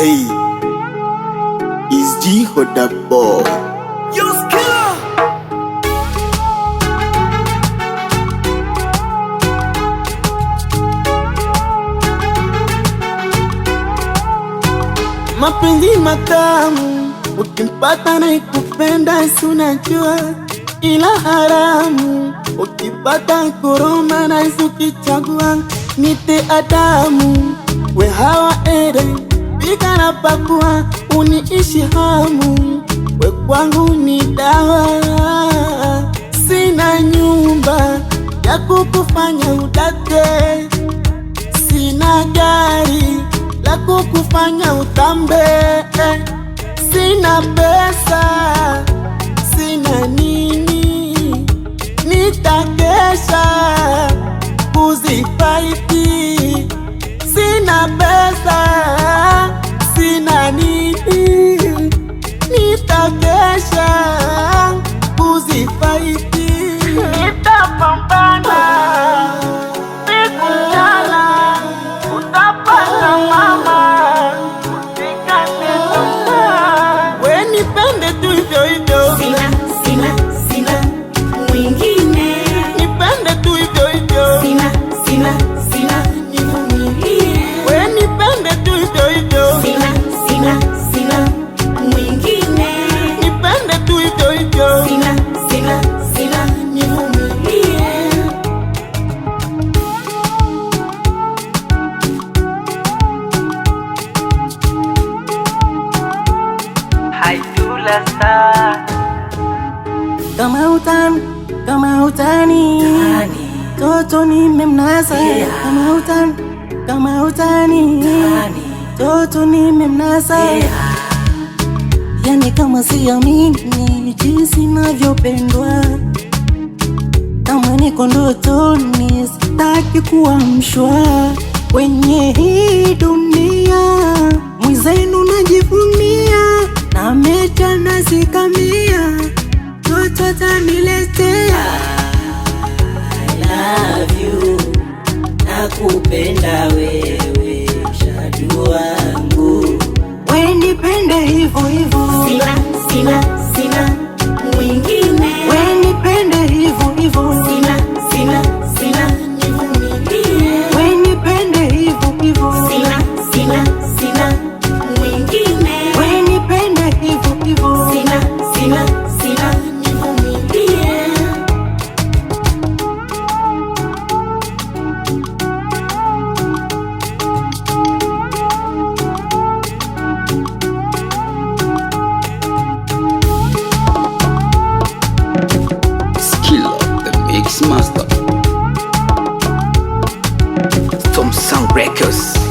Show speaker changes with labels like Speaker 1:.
Speaker 1: Hey, is G hot up boy?
Speaker 2: Mapenzi matamu ukipata na ikupenda sunajua, ila haramu ukipata koroma na ukichagua nite adamu we hawa ere Nikalapakuwa uniishi hamu, we kwangu ni dawa. Sina nyumba ya kukufanya udate, sina gari la kukufanya utambe, sina pesa, sina nini, nitakesha kuzifaiti, sina pesa
Speaker 3: kila saa.
Speaker 2: Kama utani, kama utani, toto nimemnasa. Kama utani, kama utani, toto nimemnasa. Yani kama siamini jinsi navyopendwa, kama niko ndotoni, sitaki kuamshwa kwenye hii dunia utaniletea.
Speaker 3: I love you,
Speaker 4: nakupenda wewe shadu wangu,
Speaker 2: we nipende hivyo hivyo.
Speaker 5: Siwa,
Speaker 1: Sound Records.